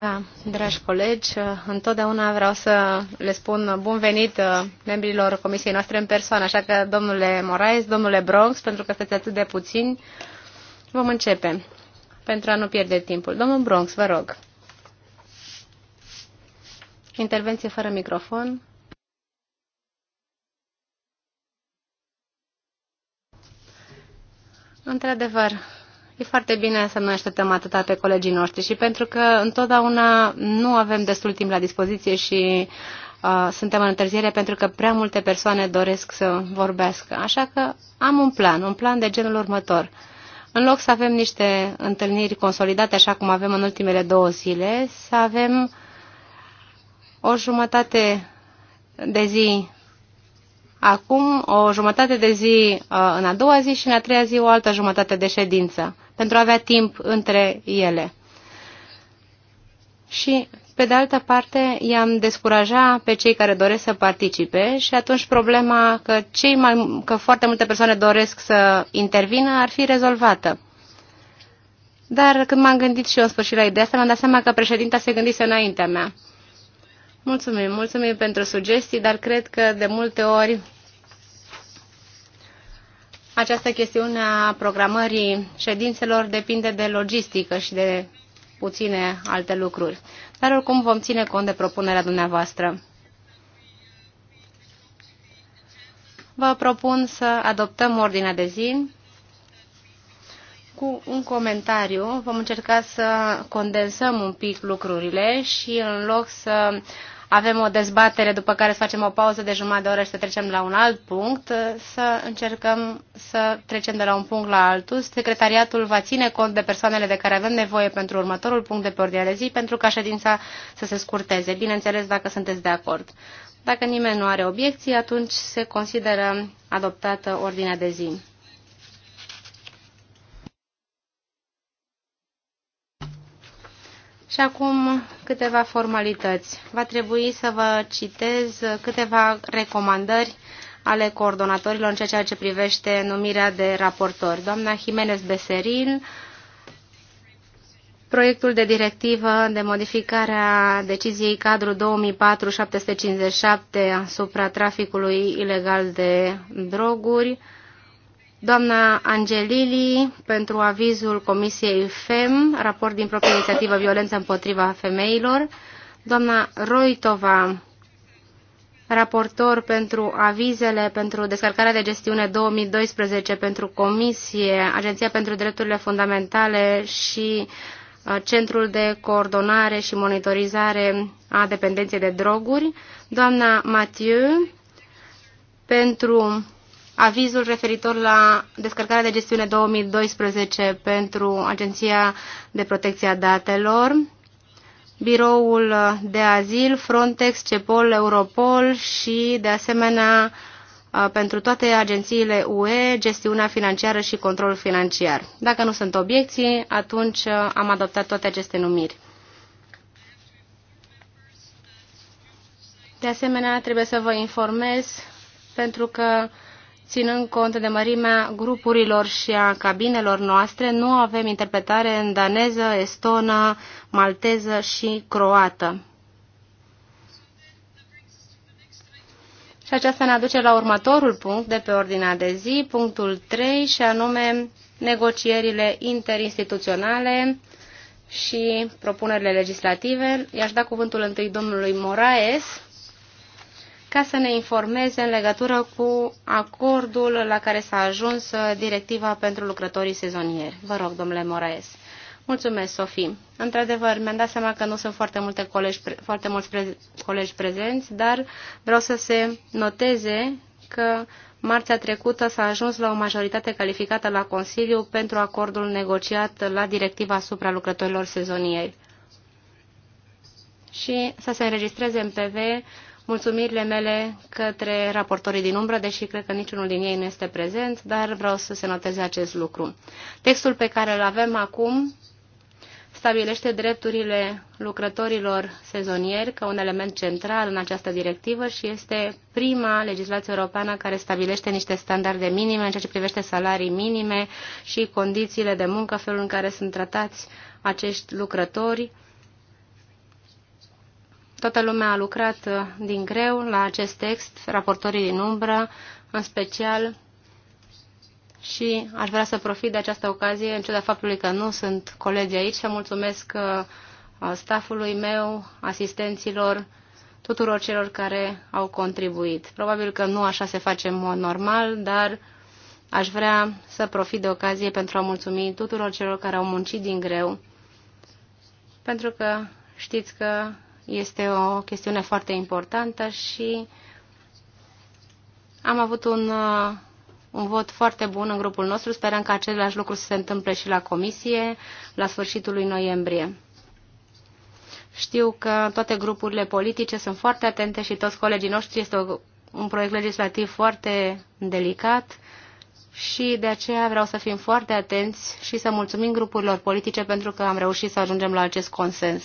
Da, dragi colegi, întotdeauna vreau să le spun bun venit uh, membrilor comisiei noastre în persoană, așa că domnule Moraes, domnule Bronx, pentru că sunteți atât de puțini, vom începe pentru a nu pierde timpul. Domnul Bronx, vă rog. Intervenție fără microfon. Într-adevăr, E foarte bine să nu așteptăm atâta pe colegii noștri și pentru că întotdeauna nu avem destul timp la dispoziție și uh, suntem în întârziere pentru că prea multe persoane doresc să vorbească. Așa că am un plan, un plan de genul următor. În loc să avem niște întâlniri consolidate, așa cum avem în ultimele două zile, să avem o jumătate de zi acum, o jumătate de zi uh, în a doua zi și în a treia zi o altă jumătate de ședință pentru a avea timp între ele. Și, pe de altă parte, i-am descuraja pe cei care doresc să participe și atunci problema că, cei mai, că foarte multe persoane doresc să intervină ar fi rezolvată. Dar când m-am gândit și eu în sfârșit la ideea asta, mi-am dat seama că președinta se gândise înaintea mea. Mulțumim, mulțumim pentru sugestii, dar cred că de multe ori această chestiune a programării ședințelor depinde de logistică și de puține alte lucruri. Dar oricum vom ține cont de propunerea dumneavoastră. Vă propun să adoptăm ordinea de zi cu un comentariu. Vom încerca să condensăm un pic lucrurile și în loc să avem o dezbatere după care să facem o pauză de jumătate de oră și să trecem la un alt punct, să încercăm să trecem de la un punct la altul. Secretariatul va ține cont de persoanele de care avem nevoie pentru următorul punct de pe ordinea de zi pentru ca ședința să se scurteze, bineînțeles dacă sunteți de acord. Dacă nimeni nu are obiecții, atunci se consideră adoptată ordinea de zi. Și acum câteva formalități. Va trebui să vă citez câteva recomandări ale coordonatorilor în ceea ce privește numirea de raportori. Doamna Jimenez Beserin, proiectul de directivă de modificare a deciziei cadru 2004-757 asupra traficului ilegal de droguri, doamna Angelili pentru avizul Comisiei FEM, raport din propria inițiativă Violență împotriva femeilor, doamna Roitova, raportor pentru avizele pentru descărcarea de gestiune 2012 pentru Comisie, Agenția pentru Drepturile Fundamentale și uh, Centrul de Coordonare și Monitorizare a Dependenței de Droguri, doamna Mathieu, pentru avizul referitor la descărcarea de gestiune 2012 pentru Agenția de Protecție a Datelor, Biroul de Azil, Frontex, CEPOL, Europol și, de asemenea, pentru toate agențiile UE, gestiunea financiară și controlul financiar. Dacă nu sunt obiecții, atunci am adoptat toate aceste numiri. De asemenea, trebuie să vă informez pentru că ținând cont de mărimea grupurilor și a cabinelor noastre, nu avem interpretare în daneză, estonă, malteză și croată. Și aceasta ne aduce la următorul punct de pe ordinea de zi, punctul 3, și anume negocierile interinstituționale și propunerile legislative. I-aș da cuvântul întâi domnului Moraes ca să ne informeze în legătură cu acordul la care s-a ajuns uh, directiva pentru lucrătorii sezonieri. Vă rog, domnule Moraes. Mulțumesc, Sofie. Într-adevăr, mi-am dat seama că nu sunt foarte, multe colegi, foarte mulți pre colegi prezenți, dar vreau să se noteze că marțea trecută s-a ajuns la o majoritate calificată la Consiliu pentru acordul negociat la directiva asupra lucrătorilor sezonieri. Și să se înregistreze în PV mulțumirile mele către raportorii din umbră, deși cred că niciunul din ei nu este prezent, dar vreau să se noteze acest lucru. Textul pe care îl avem acum stabilește drepturile lucrătorilor sezonieri ca un element central în această directivă și este prima legislație europeană care stabilește niște standarde minime în ceea ce privește salarii minime și condițiile de muncă, felul în care sunt tratați acești lucrători Toată lumea a lucrat uh, din greu la acest text, raportorii din umbră, în special, și aș vrea să profit de această ocazie, în ciuda faptului că nu sunt colegi aici, să mulțumesc uh, uh, staffului meu, asistenților, tuturor celor care au contribuit. Probabil că nu așa se face în mod normal, dar aș vrea să profit de ocazie pentru a mulțumi tuturor celor care au muncit din greu, pentru că știți că este o chestiune foarte importantă și am avut un, uh, un vot foarte bun în grupul nostru. Sperăm că același lucru să se întâmple și la comisie la sfârșitul lui noiembrie. Știu că toate grupurile politice sunt foarte atente și toți colegii noștri. Este un proiect legislativ foarte delicat și de aceea vreau să fim foarte atenți și să mulțumim grupurilor politice pentru că am reușit să ajungem la acest consens.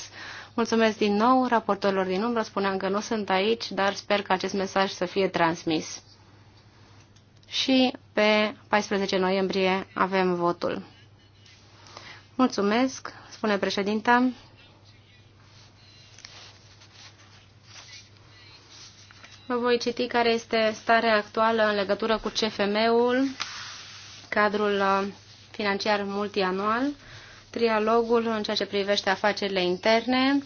Mulțumesc din nou raportorilor din umbră, spuneam că nu sunt aici, dar sper că acest mesaj să fie transmis. Și pe 14 noiembrie avem votul. Mulțumesc, spune președinta. Vă voi citi care este starea actuală în legătură cu CFM-ul, cadrul uh, financiar multianual trialogul în ceea ce privește afacerile interne.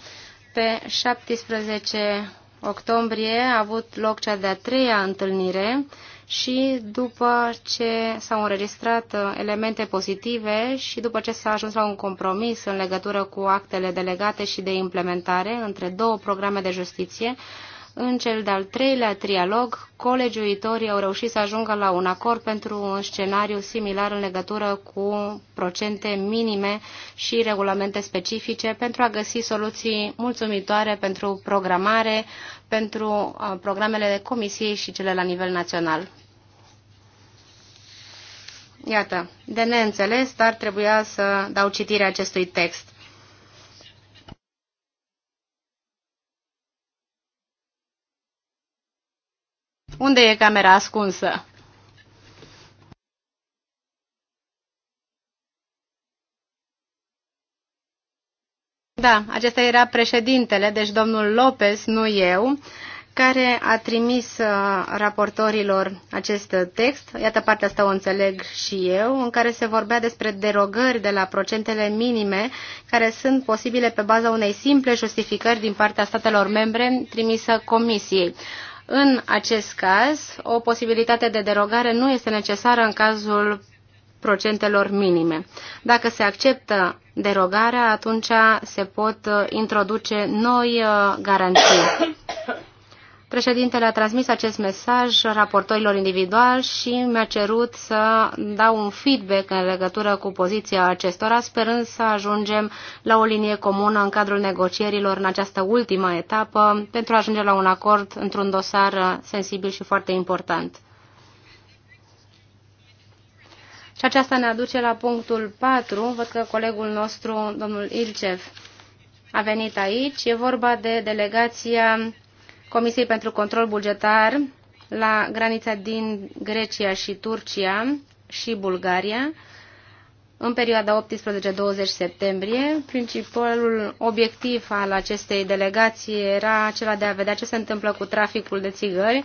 Pe 17 octombrie a avut loc cea de-a treia întâlnire și după ce s-au înregistrat uh, elemente pozitive și după ce s-a ajuns la un compromis în legătură cu actele delegate și de implementare între două programe de justiție, în cel de-al treilea trialog, colegiuitorii au reușit să ajungă la un acord pentru un scenariu similar în legătură cu procente minime și regulamente specifice pentru a găsi soluții mulțumitoare pentru programare, pentru uh, programele de comisie și cele la nivel național. Iată, de neînțeles, dar trebuia să dau citire acestui text. Unde e camera ascunsă? Da, acesta era președintele, deci domnul Lopez, nu eu, care a trimis uh, raportorilor acest text, iată partea asta o înțeleg și eu, în care se vorbea despre derogări de la procentele minime care sunt posibile pe baza unei simple justificări din partea statelor membre trimisă Comisiei. În acest caz, o posibilitate de derogare nu este necesară în cazul procentelor minime. Dacă se acceptă derogarea, atunci se pot uh, introduce noi uh, garanții. Președintele a transmis acest mesaj raportorilor individual și mi-a cerut să dau un feedback în legătură cu poziția acestora, sperând să ajungem la o linie comună în cadrul negocierilor în această ultimă etapă pentru a ajunge la un acord într-un dosar sensibil și foarte important. Și aceasta ne aduce la punctul 4. Văd că colegul nostru, domnul Ilcev, a venit aici. E vorba de delegația Comisiei pentru Control Bugetar la granița din Grecia și Turcia și Bulgaria în perioada 18-20 septembrie. Principalul obiectiv al acestei delegații era acela de a vedea ce se întâmplă cu traficul de țigări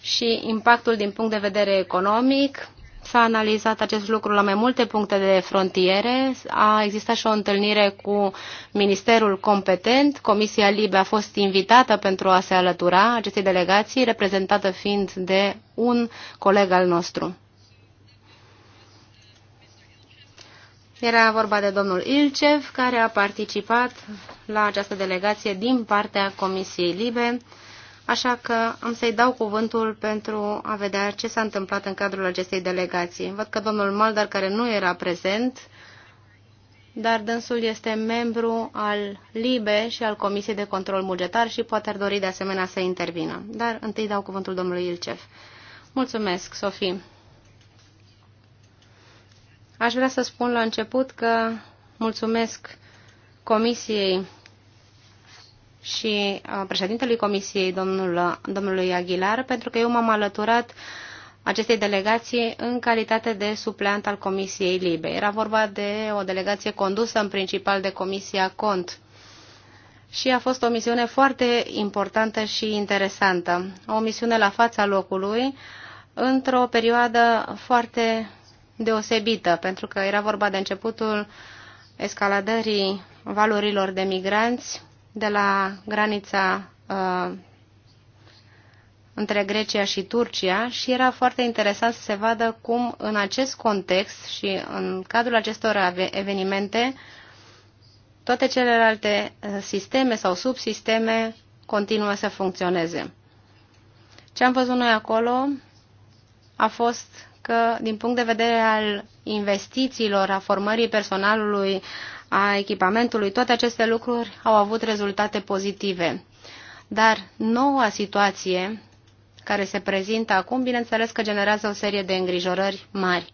și impactul din punct de vedere economic, S-a analizat acest lucru la mai multe puncte de frontiere, a existat și o întâlnire cu ministerul competent, Comisia Libe a fost invitată pentru a se alătura acestei delegații, reprezentată fiind de un coleg al nostru. Era vorba de domnul Ilcev, care a participat la această delegație din partea Comisiei Libe așa că am să-i dau cuvântul pentru a vedea ce s-a întâmplat în cadrul acestei delegații. Văd că domnul Maldar, care nu era prezent, dar dânsul este membru al LIBE și al Comisiei de Control Bugetar și poate ar dori de asemenea să intervină. Dar întâi dau cuvântul domnului Ilcef. Mulțumesc, Sofie. Aș vrea să spun la început că mulțumesc Comisiei și uh, președintelui Comisiei, domnul, domnului Aguilar, pentru că eu m-am alăturat acestei delegații în calitate de supleant al Comisiei Libe. Era vorba de o delegație condusă în principal de Comisia Cont și a fost o misiune foarte importantă și interesantă. O misiune la fața locului, într-o perioadă foarte deosebită, pentru că era vorba de începutul escaladării valorilor de migranți de la granița uh, între Grecia și Turcia și era foarte interesant să se vadă cum în acest context și în cadrul acestor evenimente toate celelalte uh, sisteme sau subsisteme continuă să funcționeze. Ce am văzut noi acolo a fost că, din punct de vedere al investițiilor, a formării personalului, a echipamentului, toate aceste lucruri au avut rezultate pozitive. Dar noua situație care se prezintă acum, bineînțeles că generează o serie de îngrijorări mari.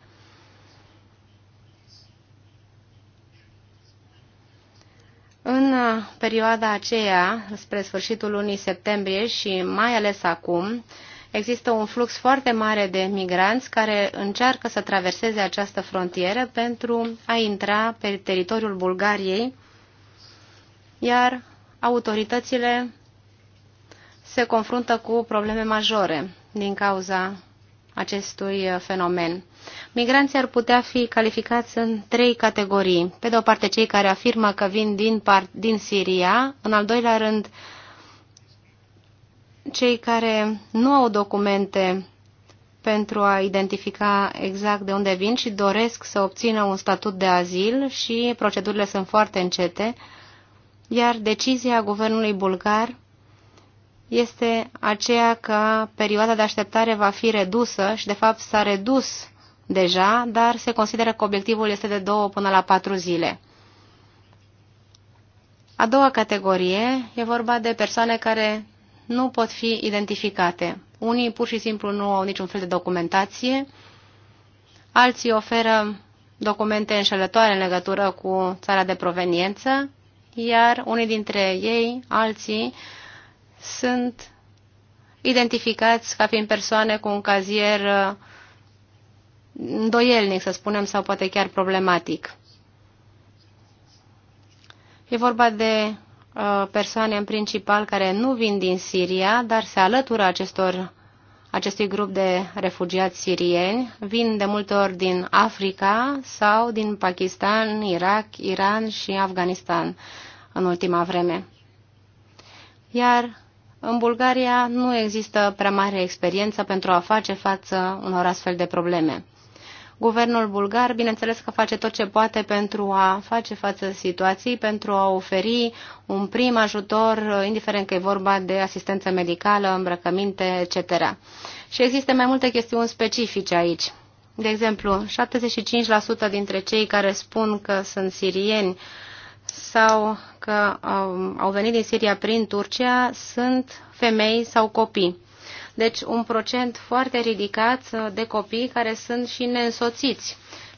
În perioada aceea, spre sfârșitul lunii septembrie și mai ales acum, Există un flux foarte mare de migranți care încearcă să traverseze această frontieră pentru a intra pe teritoriul Bulgariei, iar autoritățile se confruntă cu probleme majore din cauza acestui fenomen. Migranții ar putea fi calificați în trei categorii. Pe de o parte, cei care afirmă că vin din, part, din Siria, în al doilea rând, cei care nu au documente pentru a identifica exact de unde vin și doresc să obțină un statut de azil și procedurile sunt foarte încete, iar decizia guvernului bulgar este aceea că perioada de așteptare va fi redusă și, de fapt, s-a redus deja, dar se consideră că obiectivul este de două până la patru zile. A doua categorie e vorba de persoane care nu pot fi identificate. Unii pur și simplu nu au niciun fel de documentație, alții oferă documente înșelătoare în legătură cu țara de proveniență, iar unii dintre ei, alții, sunt identificați ca fiind persoane cu un cazier uh, îndoielnic, să spunem, sau poate chiar problematic. E vorba de Uh, persoane în principal care nu vin din Siria, dar se alătură acestor, acestui grup de refugiați sirieni. Vin de multe ori din Africa sau din Pakistan, Irak, Iran și Afganistan în ultima vreme. Iar în Bulgaria nu există prea mare experiență pentru a face față unor astfel de probleme. Guvernul bulgar, bineînțeles că face tot ce poate pentru a face față situației, pentru a oferi un prim ajutor, indiferent că e vorba de asistență medicală, îmbrăcăminte, etc. Și există mai multe chestiuni specifice aici. De exemplu, 75% dintre cei care spun că sunt sirieni sau că um, au venit din Siria prin Turcia sunt femei sau copii. Deci un procent foarte ridicat uh, de copii care sunt și neînsoțiți.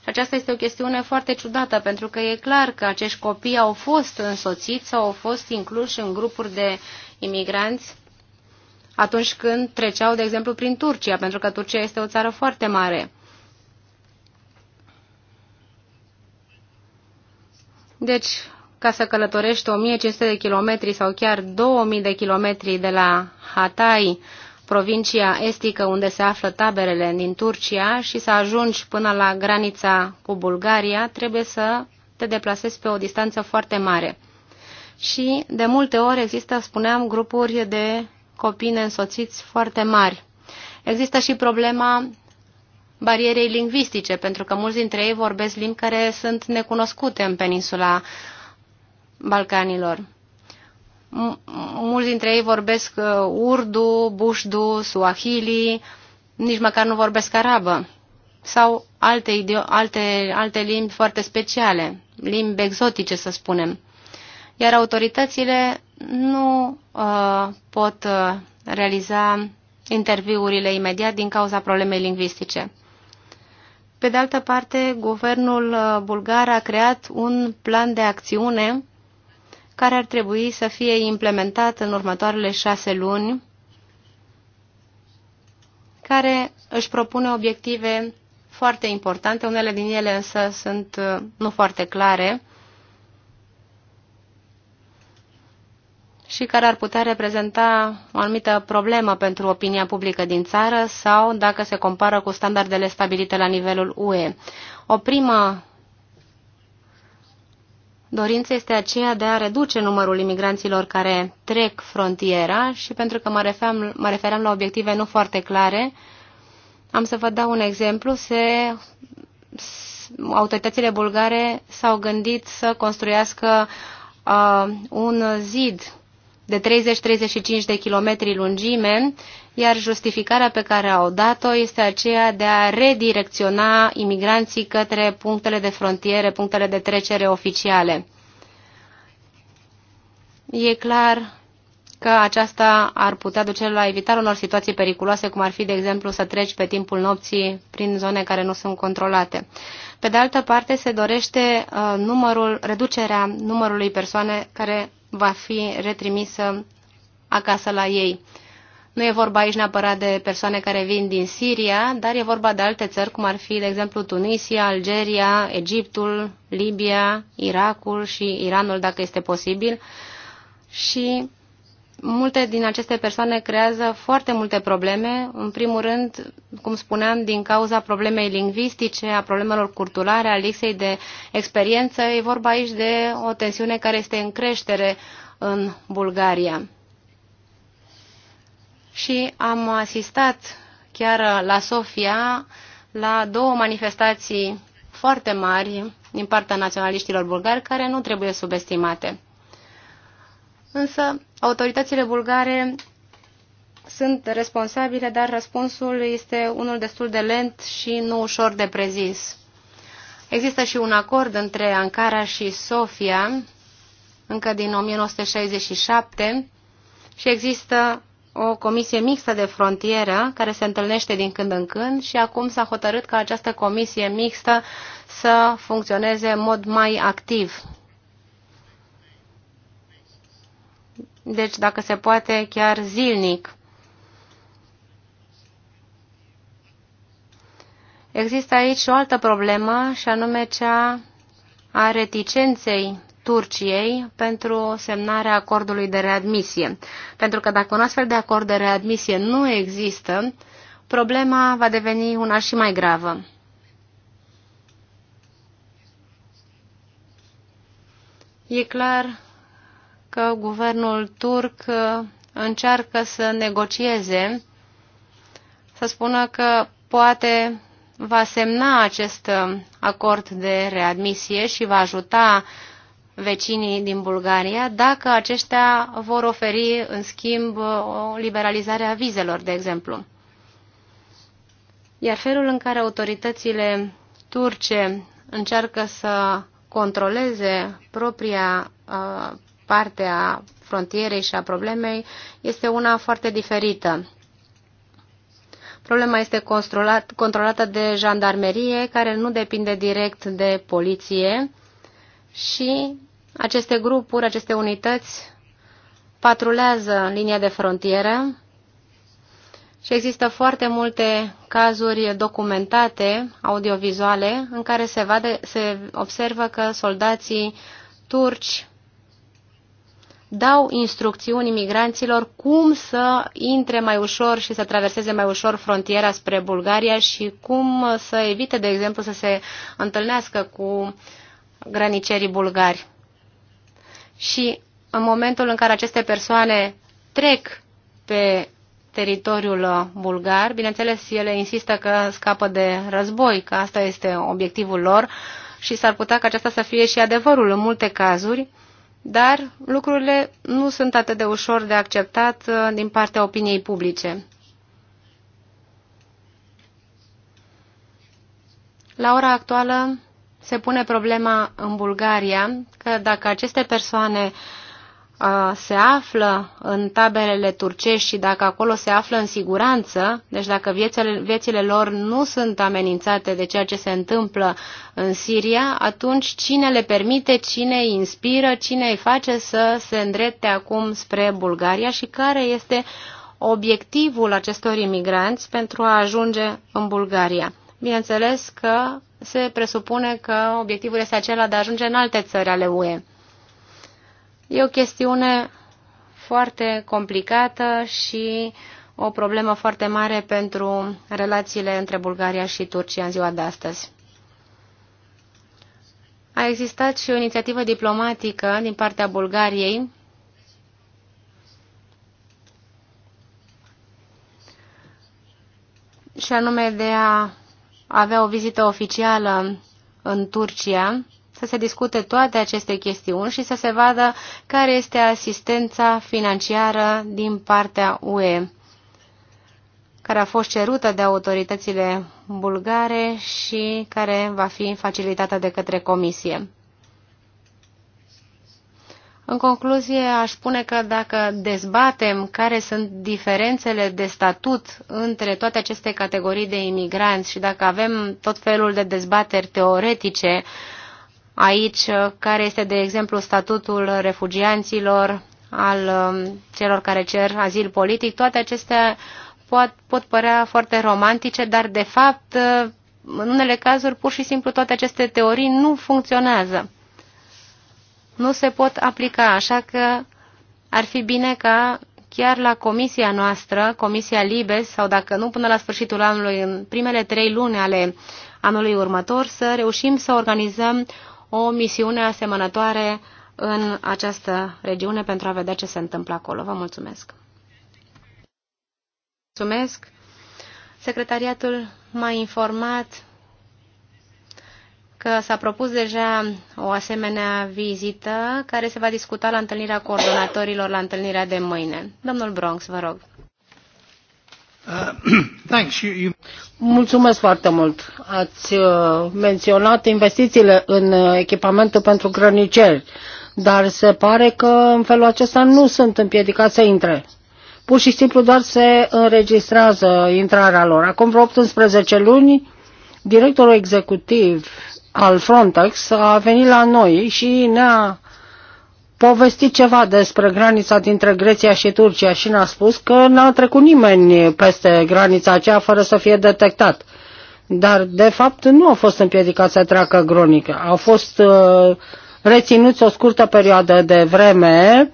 Și aceasta este o chestiune foarte ciudată, pentru că e clar că acești copii au fost însoțiți sau au fost incluși în grupuri de imigranți atunci când treceau, de exemplu, prin Turcia, pentru că Turcia este o țară foarte mare. Deci, ca să călătorești 1500 de kilometri sau chiar 2000 de kilometri de la Hatay provincia estică unde se află taberele din Turcia și să ajungi până la granița cu Bulgaria, trebuie să te deplasezi pe o distanță foarte mare. Și de multe ori există, spuneam, grupuri de copii însoțiți foarte mari. Există și problema barierei lingvistice, pentru că mulți dintre ei vorbesc limbi care sunt necunoscute în peninsula Balcanilor mulți dintre ei vorbesc uh, urdu, bușdu, suahili, nici măcar nu vorbesc arabă sau alte, alte, alte limbi foarte speciale, limbi exotice, să spunem. Iar autoritățile nu uh, pot uh, realiza interviurile imediat din cauza problemei lingvistice. Pe de altă parte, guvernul uh, bulgar a creat un plan de acțiune care ar trebui să fie implementat în următoarele șase luni, care își propune obiective foarte importante, unele din ele însă sunt uh, nu foarte clare și care ar putea reprezenta o anumită problemă pentru opinia publică din țară sau dacă se compară cu standardele stabilite la nivelul UE. O primă Dorința este aceea de a reduce numărul imigranților care trec frontiera și pentru că mă referam, mă referam la obiective nu foarte clare, am să vă dau un exemplu. Se, autoritățile bulgare s-au gândit să construiască uh, un zid de 30-35 de kilometri lungime, iar justificarea pe care au dat-o este aceea de a redirecționa imigranții către punctele de frontiere, punctele de trecere oficiale. E clar că aceasta ar putea duce la evitarea unor situații periculoase, cum ar fi, de exemplu, să treci pe timpul nopții prin zone care nu sunt controlate. Pe de altă parte, se dorește uh, numărul, reducerea numărului persoane care va fi retrimisă acasă la ei. Nu e vorba aici neapărat de persoane care vin din Siria, dar e vorba de alte țări, cum ar fi, de exemplu, Tunisia, Algeria, Egiptul, Libia, Irakul și Iranul, dacă este posibil. Și multe din aceste persoane creează foarte multe probleme, în primul rând, cum spuneam, din cauza problemei lingvistice, a problemelor culturale, a lipsei de experiență. E vorba aici de o tensiune care este în creștere în Bulgaria. Și am asistat chiar la Sofia la două manifestații foarte mari din partea naționaliștilor bulgari care nu trebuie subestimate. Însă, autoritățile bulgare sunt responsabile, dar răspunsul este unul destul de lent și nu ușor de prezis. Există și un acord între Ankara și Sofia, încă din 1967, și există o comisie mixtă de frontieră care se întâlnește din când în când și acum s-a hotărât ca această comisie mixtă să funcționeze în mod mai activ deci dacă se poate chiar zilnic. Există aici o altă problemă, și anume cea a reticenței Turciei pentru semnarea acordului de readmisie. Pentru că dacă un astfel de acord de readmisie nu există, problema va deveni una și mai gravă. E clar că guvernul turc uh, încearcă să negocieze, să spună că poate va semna acest uh, acord de readmisie și va ajuta vecinii din Bulgaria dacă aceștia vor oferi în schimb uh, o liberalizare a vizelor, de exemplu. Iar felul în care autoritățile turce încearcă să controleze propria uh, parte a frontierei și a problemei este una foarte diferită. Problema este controlat, controlată de jandarmerie, care nu depinde direct de poliție și aceste grupuri, aceste unități patrulează linia de frontieră și există foarte multe cazuri documentate, audiovizuale, în care se, vade, se observă că soldații turci dau instrucțiuni imigranților cum să intre mai ușor și să traverseze mai ușor frontiera spre Bulgaria și cum să evite, de exemplu, să se întâlnească cu granicerii bulgari. Și în momentul în care aceste persoane trec pe teritoriul bulgar, bineînțeles, ele insistă că scapă de război, că asta este obiectivul lor și s-ar putea ca aceasta să fie și adevărul în multe cazuri, dar lucrurile nu sunt atât de ușor de acceptat uh, din partea opiniei publice. La ora actuală se pune problema în Bulgaria că dacă aceste persoane uh, se află în taberele turcești și dacă acolo se află în siguranță, deci dacă viețile, viețile lor nu sunt amenințate de ceea ce se întâmplă în Siria, atunci cine le permite, cine îi inspiră, cine îi face să se îndrepte acum spre Bulgaria și care este obiectivul acestor imigranți pentru a ajunge în Bulgaria. Bineînțeles că se presupune că obiectivul este acela de a ajunge în alte țări ale UE. E o chestiune foarte complicată și o problemă foarte mare pentru relațiile între Bulgaria și Turcia în ziua de astăzi. A existat și o inițiativă diplomatică din partea Bulgariei și anume de a avea o vizită oficială în Turcia să se discute toate aceste chestiuni și să se vadă care este asistența financiară din partea UE, care a fost cerută de autoritățile bulgare și care va fi facilitată de către Comisie. În concluzie, aș spune că dacă dezbatem care sunt diferențele de statut între toate aceste categorii de imigranți și dacă avem tot felul de dezbateri teoretice, uh, aici uh, care este, de exemplu, statutul refugianților, al um, celor care cer azil politic, toate acestea pot, pot părea foarte romantice, dar de fapt, uh, în unele cazuri, pur și simplu toate aceste teorii nu funcționează. Nu se pot aplica, așa că ar fi bine ca chiar la comisia noastră, comisia Libes, sau dacă nu până la sfârșitul anului, în primele trei luni ale anului următor, să reușim să organizăm o misiune asemănătoare în această regiune pentru a vedea ce se întâmplă acolo. Vă mulțumesc! Mulțumesc! Secretariatul m-a informat că s-a propus deja o asemenea vizită care se va discuta la întâlnirea coordonatorilor la întâlnirea de mâine. Domnul Bronx, vă rog. Uh, Mulțumesc foarte mult. Ați uh, menționat investițiile în uh, echipamentul pentru grăniceri, dar se pare că în felul acesta nu sunt împiedicați să intre. Pur și simplu doar se înregistrează intrarea lor. Acum vreo 18 luni, directorul executiv al Frontex a venit la noi și ne-a povestit ceva despre granița dintre Grecia și Turcia și ne-a spus că n-a trecut nimeni peste granița aceea fără să fie detectat. Dar, de fapt, nu au fost împiedicați să treacă gronică. Au fost uh, reținuți o scurtă perioadă de vreme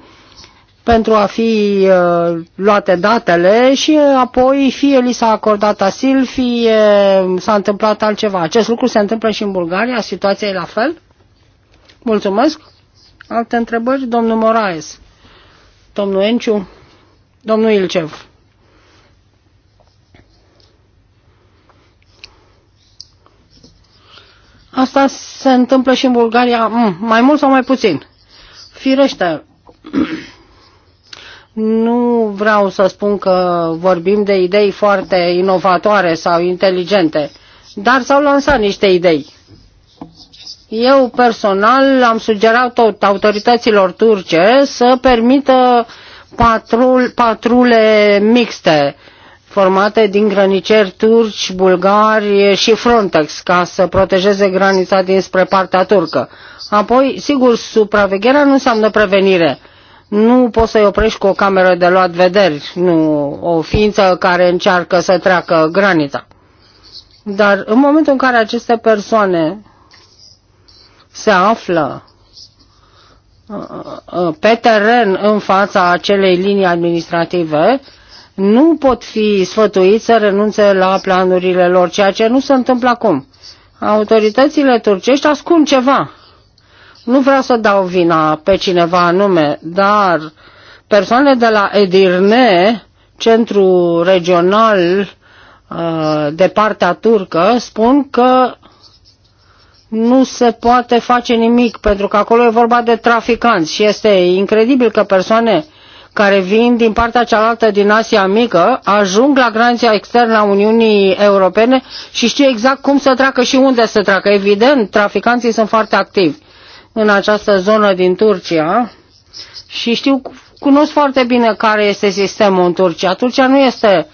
pentru a fi uh, luate datele și uh, apoi fie li s-a acordat asil, fie um, s-a întâmplat altceva. Acest lucru se întâmplă și în Bulgaria, situația e la fel? Mulțumesc! Alte întrebări? Domnul Moraes. Domnul Enciu. Domnul Ilcev. Asta se întâmplă și în Bulgaria, mm, mai mult sau mai puțin. Firește, nu vreau să spun că vorbim de idei foarte inovatoare sau inteligente, dar s-au lansat niște idei. Eu personal am sugerat autorităților turce să permită patrul, patrule mixte formate din grăniceri turci, bulgari și Frontex ca să protejeze granița dinspre partea turcă. Apoi, sigur, supravegherea nu înseamnă prevenire. Nu poți să-i oprești cu o cameră de luat vederi, nu o ființă care încearcă să treacă granița. Dar în momentul în care aceste persoane se află uh, uh, pe teren în fața acelei linii administrative nu pot fi sfătuiți să renunțe la planurile lor, ceea ce nu se întâmplă acum. Autoritățile turcești ascund ceva. Nu vreau să dau vina pe cineva anume, dar persoanele de la Edirne, centru regional uh, de partea turcă, spun că nu se poate face nimic, pentru că acolo e vorba de traficanți și este incredibil că persoane care vin din partea cealaltă din Asia Mică ajung la granița externă a Uniunii Europene și știu exact cum să treacă și unde să treacă. Evident, traficanții sunt foarte activi în această zonă din Turcia și știu, cunosc foarte bine care este sistemul în Turcia. Turcia nu este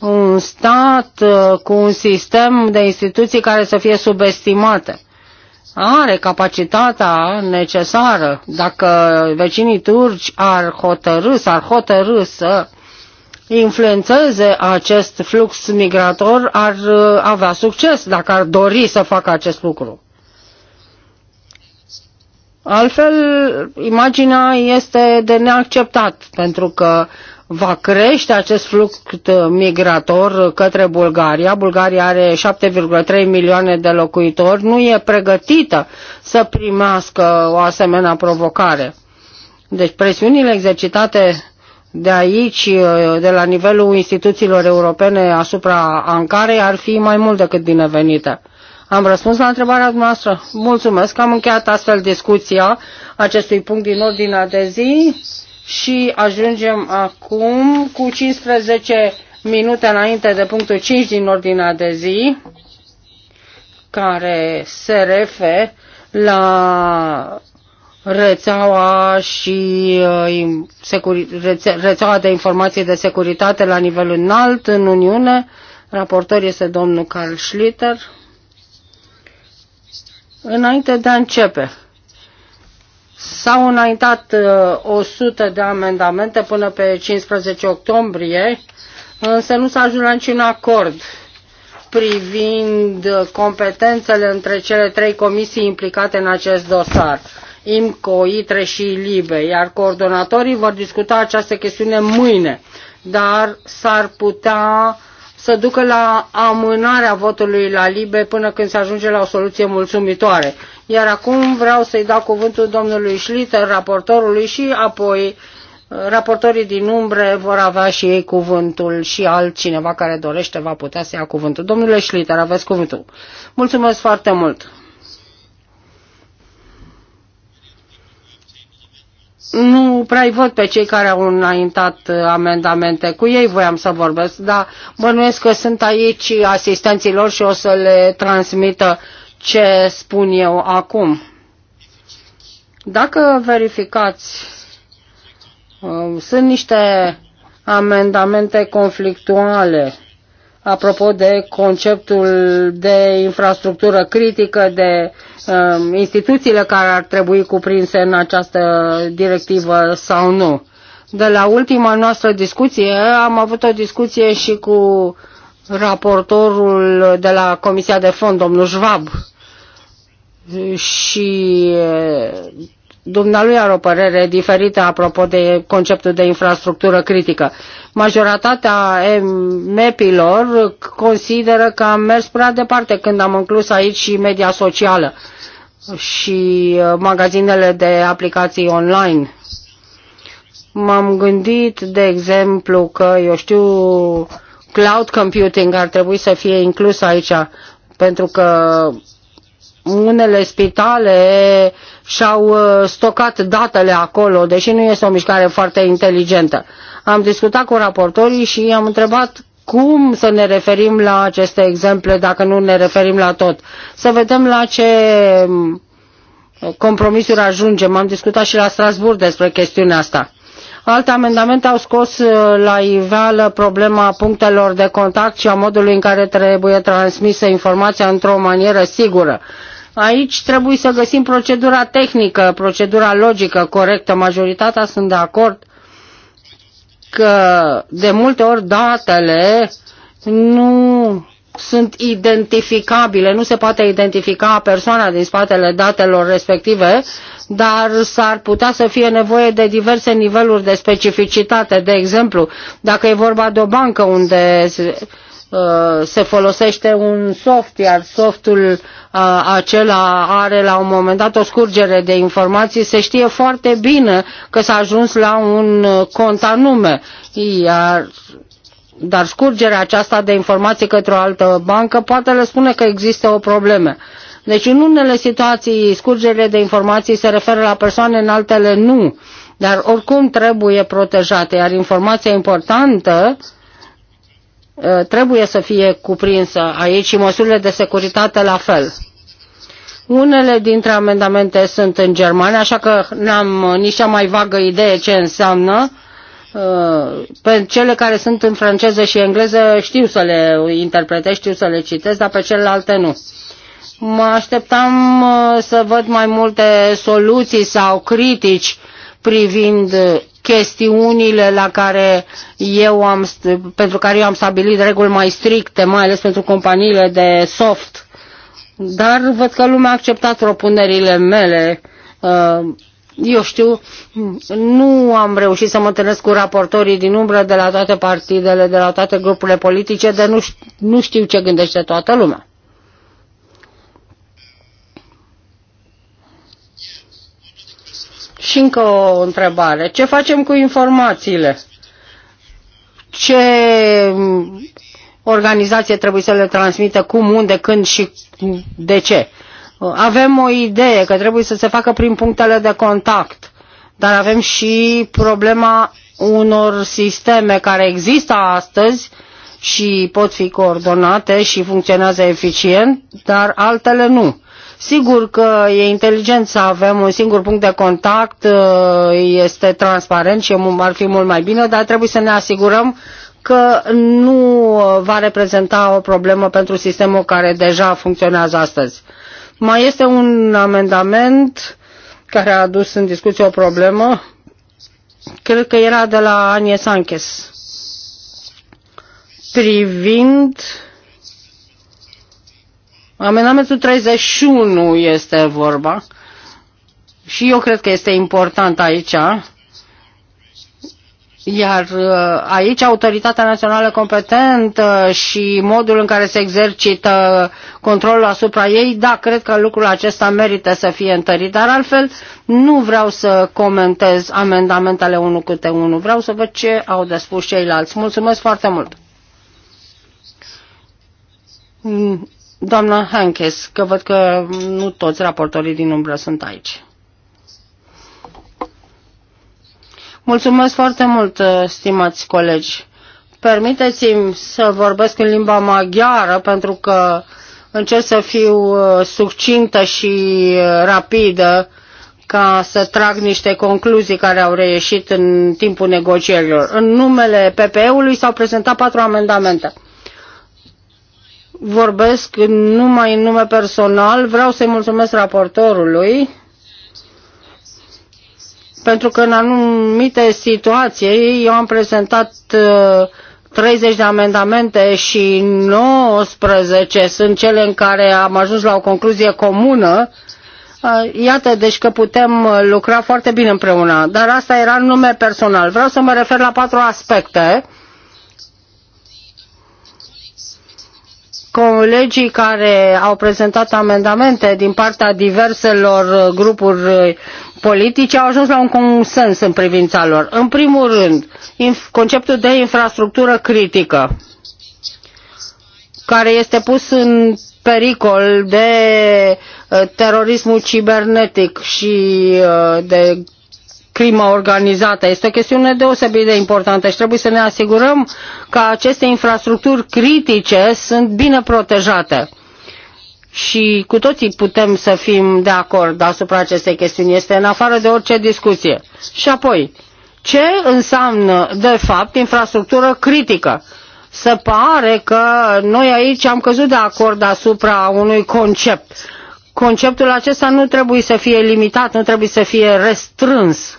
un stat uh, cu un sistem de instituții care să fie subestimate are capacitatea necesară. Dacă vecinii turci ar hotărâ, ar hotărâ să influențeze acest flux migrator, ar uh, avea succes dacă ar dori să facă acest lucru. Altfel, imaginea este de neacceptat, pentru că va crește acest flux migrator către Bulgaria. Bulgaria are 7,3 milioane de locuitori, nu e pregătită să primească o asemenea provocare. Deci presiunile exercitate de aici, de la nivelul instituțiilor europene asupra Ankarei, ar fi mai mult decât binevenite. Am răspuns la întrebarea noastră. Mulțumesc, că am încheiat astfel discuția acestui punct din ordinea de zi și ajungem acum cu 15 minute înainte de punctul 5 din ordinea de zi, care se refe la rețeaua și uh, rețeaua de informații de securitate la nivel înalt în Uniune. Raportor este domnul Carl Schlitter. Înainte de a începe, S-au înaintat 100 uh, de amendamente până pe 15 octombrie, însă nu s-a ajuns la niciun acord privind competențele între cele trei comisii implicate în acest dosar, IMCO, ITRE și LIBE, iar coordonatorii vor discuta această chestiune mâine, dar s-ar putea să ducă la amânarea votului la Libe până când se ajunge la o soluție mulțumitoare. Iar acum vreau să-i dau cuvântul domnului Schlitter, raportorului, și apoi uh, raportorii din umbre vor avea și ei cuvântul și altcineva care dorește va putea să ia cuvântul. Domnule Schlitter, aveți cuvântul. Mulțumesc foarte mult! nu prea văd pe cei care au înaintat uh, amendamente. Cu ei voiam să vorbesc, dar bănuiesc că sunt aici asistenții lor și o să le transmită ce spun eu acum. Dacă verificați, uh, sunt niște amendamente conflictuale apropo de conceptul de infrastructură critică, de um, instituțiile care ar trebui cuprinse în această directivă sau nu. De la ultima noastră discuție am avut o discuție și cu raportorul de la Comisia de Fond, domnul Schwab, și Dumnealui are o părere diferită apropo de conceptul de infrastructură critică. Majoritatea MEP-ilor consideră că am mers prea departe când am inclus aici și media socială și uh, magazinele de aplicații online. M-am gândit, de exemplu, că, eu știu, cloud computing ar trebui să fie inclus aici, pentru că unele spitale și-au uh, stocat datele acolo, deși nu este o mișcare foarte inteligentă. Am discutat cu raportorii și am întrebat cum să ne referim la aceste exemple dacă nu ne referim la tot. Să vedem la ce mm, compromisuri ajungem. Am discutat și la Strasburg despre chestiunea asta. Alte amendamente au scos uh, la iveală problema punctelor de contact și a modului în care trebuie transmisă informația într-o manieră sigură. Aici trebuie să găsim procedura tehnică, procedura logică corectă. Majoritatea sunt de acord că de multe ori datele nu sunt identificabile, nu se poate identifica persoana din spatele datelor respective, dar s-ar putea să fie nevoie de diverse niveluri de specificitate. De exemplu, dacă e vorba de o bancă unde Uh, se folosește un soft, iar softul uh, acela are la un moment dat o scurgere de informații, se știe foarte bine că s-a ajuns la un uh, cont anume, iar dar scurgerea aceasta de informații către o altă bancă poate le spune că există o problemă. Deci în unele situații scurgerile de informații se referă la persoane, în altele nu. Dar oricum trebuie protejate, iar informația importantă uh, Uh, trebuie să fie cuprinsă aici și măsurile de securitate la fel. Unele dintre amendamente sunt în germană, așa că n-am nici cea mai vagă idee ce înseamnă. Uh, pe cele care sunt în franceză și engleză știu să le interpretez, știu să le citesc, dar pe celelalte nu. Mă așteptam uh, să văd mai multe soluții sau critici privind chestiunile la care eu am, pentru care eu am stabilit reguli mai stricte, mai ales pentru companiile de soft. Dar văd că lumea a acceptat propunerile mele. Uh, eu știu, nu am reușit să mă întâlnesc cu raportorii din umbră de la toate partidele, de la toate grupurile politice, de nu, nu știu ce gândește toată lumea. Și încă o întrebare. Ce facem cu informațiile? Ce organizație trebuie să le transmită, cum, unde, când și de ce? Avem o idee că trebuie să se facă prin punctele de contact, dar avem și problema unor sisteme care există astăzi și pot fi coordonate și funcționează eficient, dar altele nu. Sigur că e inteligent să avem un singur punct de contact, uh, este transparent și ar fi mult mai bine, dar trebuie să ne asigurăm că nu uh, va reprezenta o problemă pentru sistemul care deja funcționează astăzi. Mai este un amendament care a adus în discuție o problemă. Cred că era de la Anie Sanches privind uh, Amendamentul 31 este vorba și eu cred că este important aici. Iar uh, aici autoritatea națională competentă și modul în care se exercită controlul asupra ei, da, cred că lucrul acesta merită să fie întărit, dar altfel nu vreau să comentez amendamentele unul câte unul. Vreau să văd ce au de spus ceilalți. Mulțumesc foarte mult! Doamna Hankes, că văd că nu toți raportorii din umbră sunt aici. Mulțumesc foarte mult, uh, stimați colegi. Permiteți-mi să vorbesc în limba maghiară, pentru că încerc să fiu uh, succintă și uh, rapidă ca să trag niște concluzii care au reieșit în timpul negocierilor. În numele PPE-ului s-au prezentat patru amendamente vorbesc numai în nume personal. Vreau să-i mulțumesc raportorului pentru că în anumite situații eu am prezentat 30 uh, de amendamente și 19 sunt cele în care am ajuns la o concluzie comună. Uh, iată, deci că putem uh, lucra foarte bine împreună, dar asta era în nume personal. Vreau să mă refer la patru aspecte colegii care au prezentat amendamente din partea diverselor grupuri politice au ajuns la un consens în privința lor. În primul rând, conceptul de infrastructură critică, care este pus în pericol de uh, terorismul cibernetic și uh, de crimă organizată. Este o chestiune deosebit de importantă și trebuie să ne asigurăm că aceste infrastructuri critice sunt bine protejate. Și cu toții putem să fim de acord asupra acestei chestiuni. Este în afară de orice discuție. Și apoi, ce înseamnă, de fapt, infrastructură critică? Se pare că noi aici am căzut de acord asupra unui concept. Conceptul acesta nu trebuie să fie limitat, nu trebuie să fie restrâns.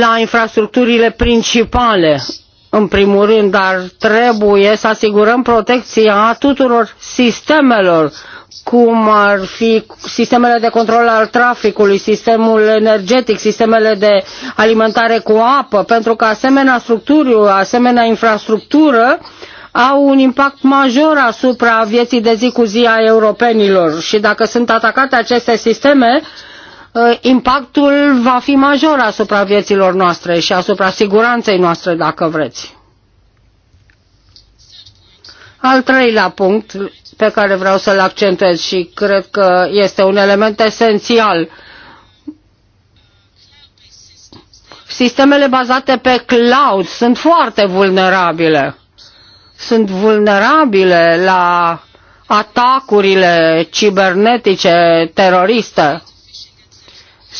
la infrastructurile principale, în primul rând, dar trebuie să asigurăm protecția tuturor sistemelor, cum ar fi sistemele de control al traficului, sistemul energetic, sistemele de alimentare cu apă, pentru că asemenea structuri, asemenea infrastructură au un impact major asupra vieții de zi cu zi a europenilor și dacă sunt atacate aceste sisteme, Uh, impactul va fi major asupra vieților noastre și asupra siguranței noastre, dacă vreți. Al treilea punct pe care vreau să-l accentuez și cred că este un element esențial. Sistemele bazate pe cloud sunt foarte vulnerabile. Sunt vulnerabile la atacurile cibernetice teroriste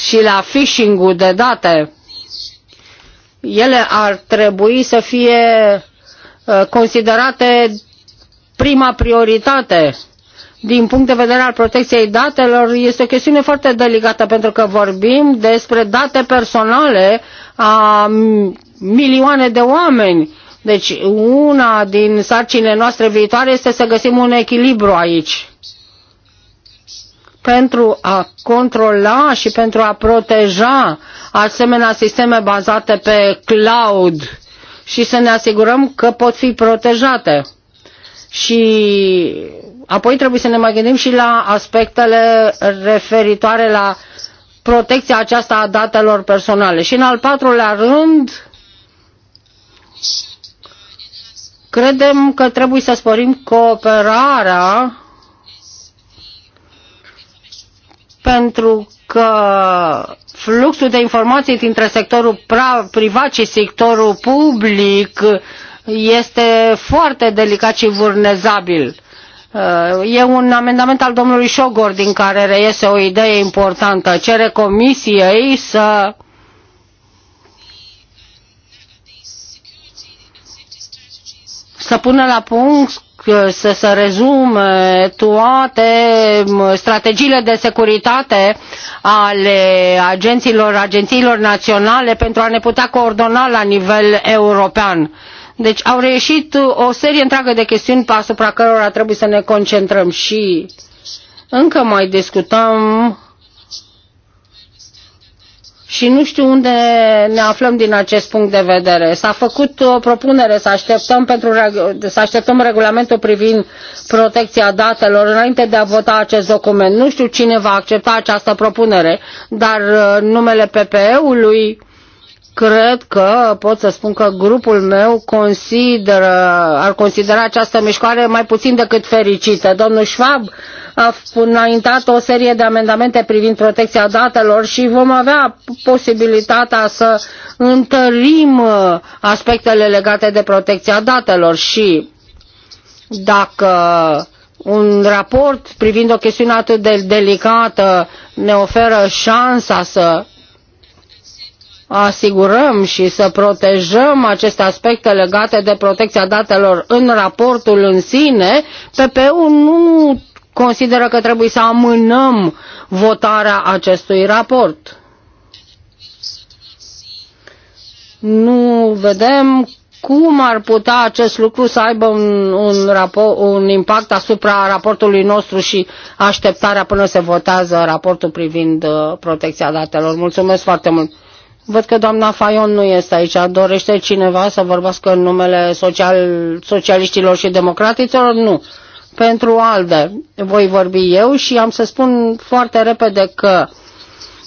și la phishing-ul de date, ele ar trebui să fie uh, considerate prima prioritate din punct de vedere al protecției datelor este o chestiune foarte delicată pentru că vorbim despre date personale a milioane de oameni. Deci una din sarcinile noastre viitoare este să găsim un echilibru aici pentru a controla și pentru a proteja asemenea sisteme bazate pe cloud și să ne asigurăm că pot fi protejate. Și apoi trebuie să ne mai gândim și la aspectele referitoare la protecția aceasta a datelor personale. Și în al patrulea rând, credem că trebuie să sporim cooperarea pentru că fluxul de informații dintre sectorul privat și sectorul public este foarte delicat și vulnerabil. Uh, e un amendament al domnului Șogor din care reiese o idee importantă. Cere comisiei să să pună la punct să se rezume toate strategiile de securitate ale agenților, agențiilor naționale pentru a ne putea coordona la nivel european. Deci au reieșit o serie întreagă de chestiuni asupra cărora trebuie să ne concentrăm și încă mai discutăm și nu știu unde ne aflăm din acest punct de vedere. S-a făcut o propunere să așteptăm, pentru, să așteptăm regulamentul privind protecția datelor înainte de a vota acest document. Nu știu cine va accepta această propunere, dar uh, numele PPE-ului cred că pot să spun că grupul meu consideră, ar considera această mișcare mai puțin decât fericită. Domnul Schwab a înaintat o serie de amendamente privind protecția datelor și vom avea posibilitatea să întărim uh, aspectele legate de protecția datelor și dacă un raport privind o chestiune atât de delicată ne oferă șansa să asigurăm și să protejăm aceste aspecte legate de protecția datelor în raportul în sine, PPU nu consideră că trebuie să amânăm votarea acestui raport. Nu vedem cum ar putea acest lucru să aibă un, un, raport, un impact asupra raportului nostru și așteptarea până se votează raportul privind uh, protecția datelor. Mulțumesc foarte mult! Văd că doamna Fayon nu este aici. Dorește cineva să vorbească în numele social, socialiștilor și democratiților? Nu. Pentru ALDE voi vorbi eu și am să spun foarte repede că,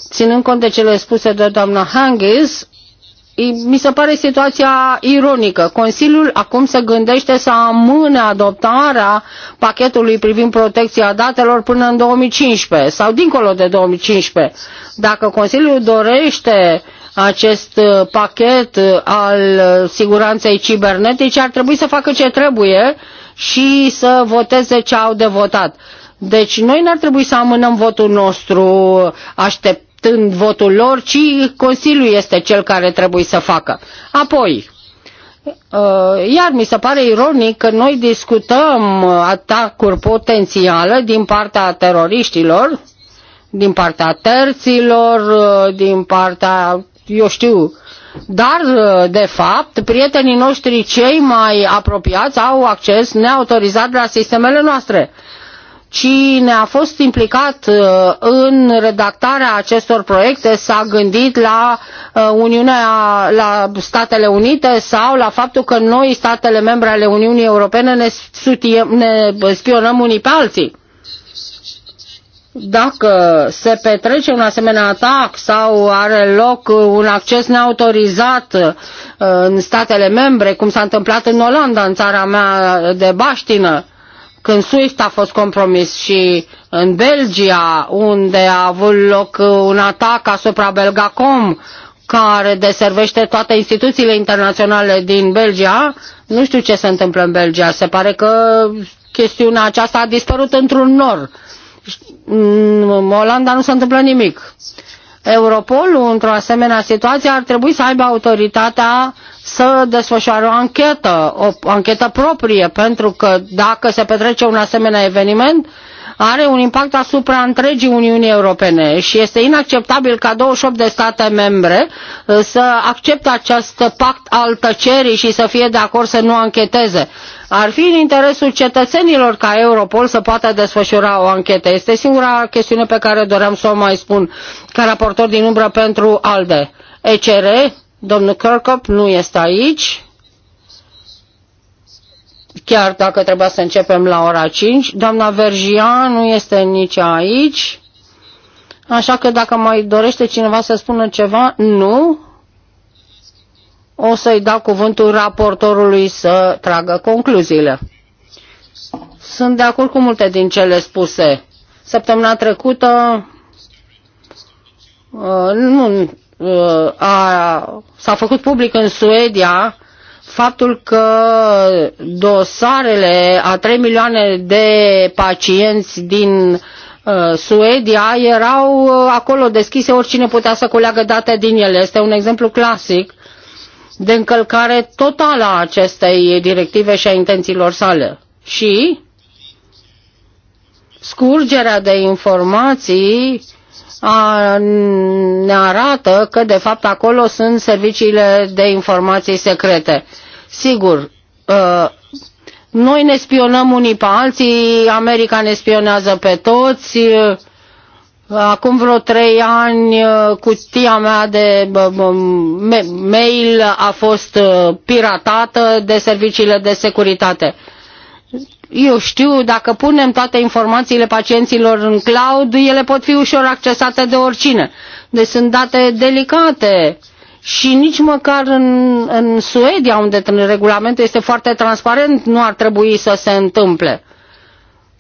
ținând cont de cele spuse de doamna Hangis, mi se pare situația ironică. Consiliul acum se gândește să amâne adoptarea pachetului privind protecția datelor până în 2015 sau dincolo de 2015. Dacă Consiliul dorește acest uh, pachet uh, al uh, siguranței cibernetice ar trebui să facă ce trebuie și să voteze ce au de votat. Deci noi n-ar trebui să amânăm votul nostru așteptând votul lor, ci Consiliul este cel care trebuie să facă. Apoi, iar mi se pare ironic că noi discutăm atacuri potențiale din partea teroriștilor, din partea terților, din partea eu știu. Dar, uh, de fapt, prietenii noștri cei mai apropiați au acces neautorizat la sistemele noastre. Cine a fost implicat uh, în redactarea acestor proiecte s-a gândit la uh, Uniunea, la Statele Unite sau la faptul că noi, statele membre ale Uniunii Europene, ne, sutiem, ne spionăm unii pe alții dacă se petrece un asemenea atac sau are loc un acces neautorizat uh, în statele membre, cum s-a întâmplat în Olanda, în țara mea de baștină, când SWIFT a fost compromis și în Belgia, unde a avut loc un atac asupra Belgacom, care deservește toate instituțiile internaționale din Belgia. Nu știu ce se întâmplă în Belgia, se pare că chestiunea aceasta a dispărut într-un nor în Olanda nu se întâmplă nimic. Europolul, într-o asemenea situație, ar trebui să aibă autoritatea să desfășoare o anchetă, o anchetă proprie, pentru că dacă se petrece un asemenea eveniment, are un impact asupra întregii Uniunii Europene și este inacceptabil ca 28 de state membre uh, să accepte acest pact al tăcerii și să fie de acord să nu ancheteze. Ar fi în interesul cetățenilor ca Europol să poată desfășura o anchetă. Este singura chestiune pe care doream să o mai spun ca raportor din umbră pentru ALDE. ECR, domnul Kirkop nu este aici, chiar dacă trebuia să începem la ora 5. Doamna Vergia nu este nici aici, așa că dacă mai dorește cineva să spună ceva, nu o să-i dau cuvântul raportorului să tragă concluziile. Sunt de acord cu multe din cele spuse. Săptămâna trecută uh, nu, uh, a, s-a făcut public în Suedia faptul că dosarele a 3 milioane de pacienți din uh, Suedia erau acolo deschise, oricine putea să culeagă date din ele. Este un exemplu clasic uh, de încălcare totală a acestei directive și a intențiilor sale. Și scurgerea de informații a, ne arată că, de fapt, acolo sunt serviciile de informații secrete. Sigur, ă, noi ne spionăm unii pe alții, America ne spionează pe toți, Acum vreo trei ani uh, cutia mea de mail a fost uh, piratată de serviciile de securitate. Eu știu, dacă punem toate informațiile pacienților în cloud, ele pot fi ușor accesate de oricine. Deci sunt date delicate și nici măcar în, în Suedia, unde regulamentul este foarte transparent, nu ar trebui să se întâmple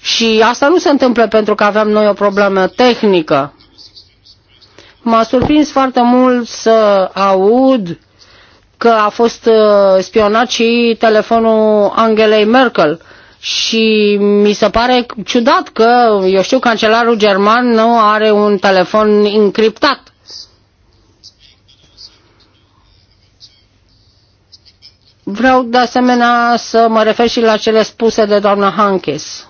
și asta nu se întâmplă pentru că avem noi o problemă tehnică. M-a surprins foarte mult să aud că a fost uh, spionat și telefonul Angelei Merkel. Și mi se pare ciudat că, eu știu, cancelarul german nu are un telefon încriptat. Vreau de asemenea să mă refer și la cele spuse de doamna Hankes.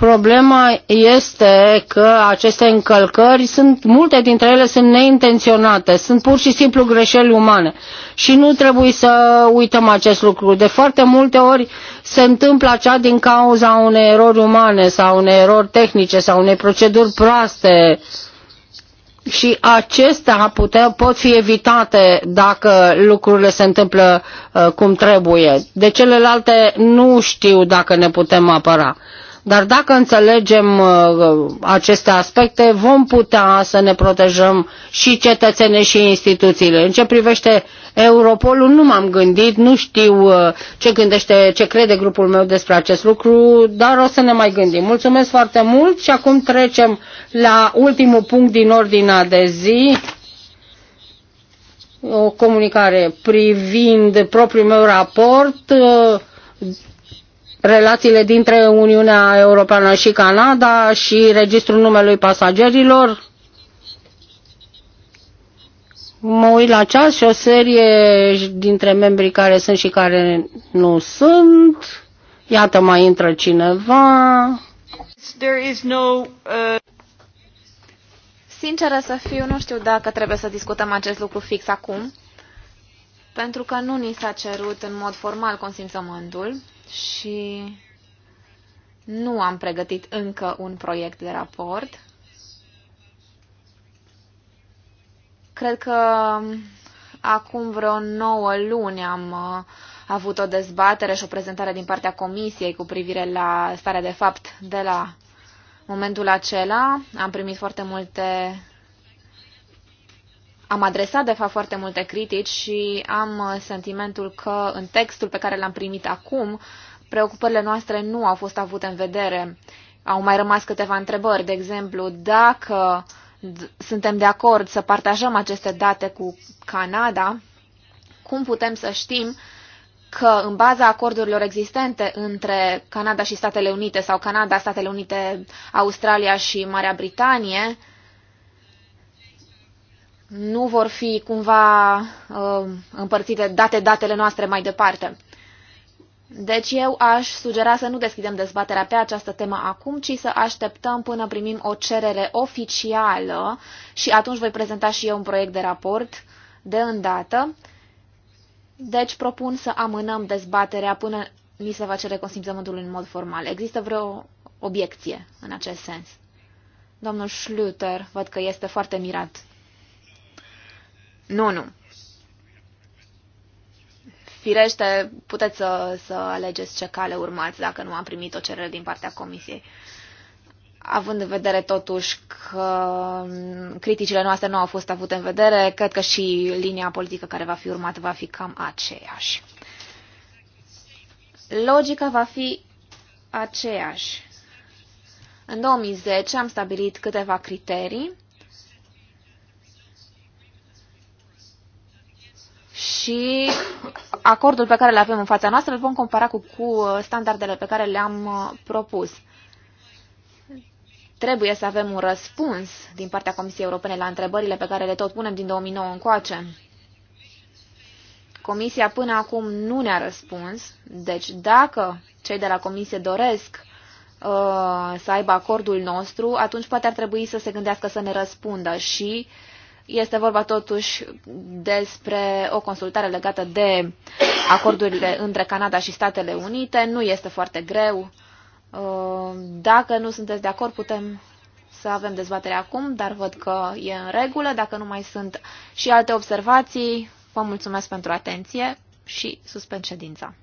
Problema este că aceste încălcări sunt, multe dintre ele sunt neintenționate, sunt pur și simplu greșeli umane. Și nu trebuie să uităm acest lucru. De foarte multe ori se întâmplă acea din cauza unei erori umane sau unei erori tehnice sau unei proceduri proaste. Și acestea pute, pot fi evitate dacă lucrurile se întâmplă uh, cum trebuie. De celelalte nu știu dacă ne putem apăra. Dar dacă înțelegem uh, aceste aspecte, vom putea să ne protejăm și cetățenii și instituțiile. În ce privește Europolul, nu m-am gândit, nu știu uh, ce gândește, ce crede grupul meu despre acest lucru, dar o să ne mai gândim. Mulțumesc foarte mult și acum trecem la ultimul punct din ordinea de zi o comunicare privind propriul meu raport uh, relațiile dintre Uniunea Europeană și Canada și registrul numelui pasagerilor. Mă uit la ceas și o serie dintre membrii care sunt și care nu sunt. Iată, mai intră cineva. There is no, uh... Sinceră să fiu, nu știu dacă trebuie să discutăm acest lucru fix acum, pentru că nu ni s-a cerut în mod formal consimțământul și nu am pregătit încă un proiect de raport. Cred că acum vreo nouă luni am uh, avut o dezbatere și o prezentare din partea Comisiei cu privire la starea de fapt de la momentul acela. Am primit foarte multe am adresat, de fapt, foarte multe critici și am uh, sentimentul că în textul pe care l-am primit acum, preocupările noastre nu au fost avute în vedere. Au mai rămas câteva întrebări, de exemplu, dacă suntem de acord să partajăm aceste date cu Canada, cum putem să știm că în baza acordurilor existente între Canada și Statele Unite sau Canada, Statele Unite, Australia și Marea Britanie, nu vor fi cumva uh, împărțite date datele noastre mai departe. Deci eu aș sugera să nu deschidem dezbaterea pe această temă acum, ci să așteptăm până primim o cerere oficială și atunci voi prezenta și eu un proiect de raport de îndată. Deci propun să amânăm dezbaterea până ni se va cere consimțământul în mod formal. Există vreo obiecție în acest sens? Domnul Schlüter, văd că este foarte mirat. Nu, nu. Firește, puteți să, să alegeți ce cale urmați dacă nu am primit o cerere din partea comisiei. Având în vedere totuși că criticile noastre nu au fost avute în vedere, cred că și linia politică care va fi urmată va fi cam aceeași. Logica va fi aceeași. În 2010 am stabilit câteva criterii și acordul pe care le avem în fața noastră îl vom compara cu, cu standardele pe care le-am uh, propus. Trebuie să avem un răspuns din partea Comisiei Europene la întrebările pe care le tot punem din 2009 încoace. Comisia până acum nu ne-a răspuns, deci dacă cei de la Comisie doresc uh, să aibă acordul nostru, atunci poate ar trebui să se gândească să ne răspundă și uh, este vorba totuși despre o consultare legată de acordurile între Canada și Statele Unite. Nu este foarte greu. Uh, dacă nu sunteți de acord, putem să avem dezbatere acum, dar văd că e în regulă. Dacă nu mai sunt și alte observații, vă mulțumesc pentru atenție și suspend ședința.